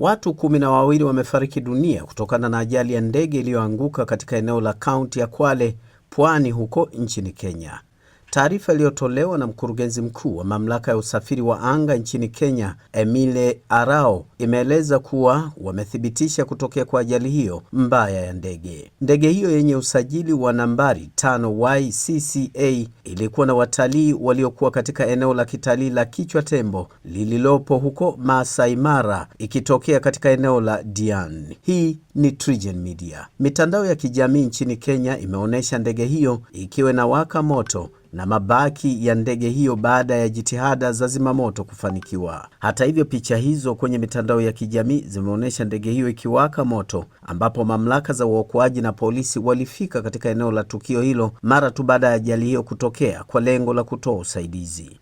Watu kumi na wawili wamefariki dunia kutokana na ajali ya ndege iliyoanguka katika eneo la kaunti ya Kwale, Pwani, huko nchini Kenya. Taarifa iliyotolewa na mkurugenzi mkuu wa mamlaka ya usafiri wa anga nchini Kenya, Emile Arao, imeeleza kuwa wamethibitisha kutokea kwa ajali hiyo mbaya ya ndege. Ndege hiyo yenye usajili wa nambari 5YCCA ilikuwa na watalii waliokuwa katika eneo la kitalii la Kichwa Tembo lililopo huko Masai Mara, ikitokea katika eneo la Diani. Hii ni Trigen Media. Mitandao ya kijamii nchini Kenya imeonyesha ndege hiyo ikiwa waka moto na mabaki ya ndege hiyo baada ya jitihada za zimamoto kufanikiwa. Hata hivyo, picha hizo kwenye mitandao ya kijamii zimeonyesha ndege hiyo ikiwaka moto, ambapo mamlaka za uokoaji na polisi walifika katika eneo la tukio hilo mara tu baada ya ajali hiyo kutokea kwa lengo la kutoa usaidizi.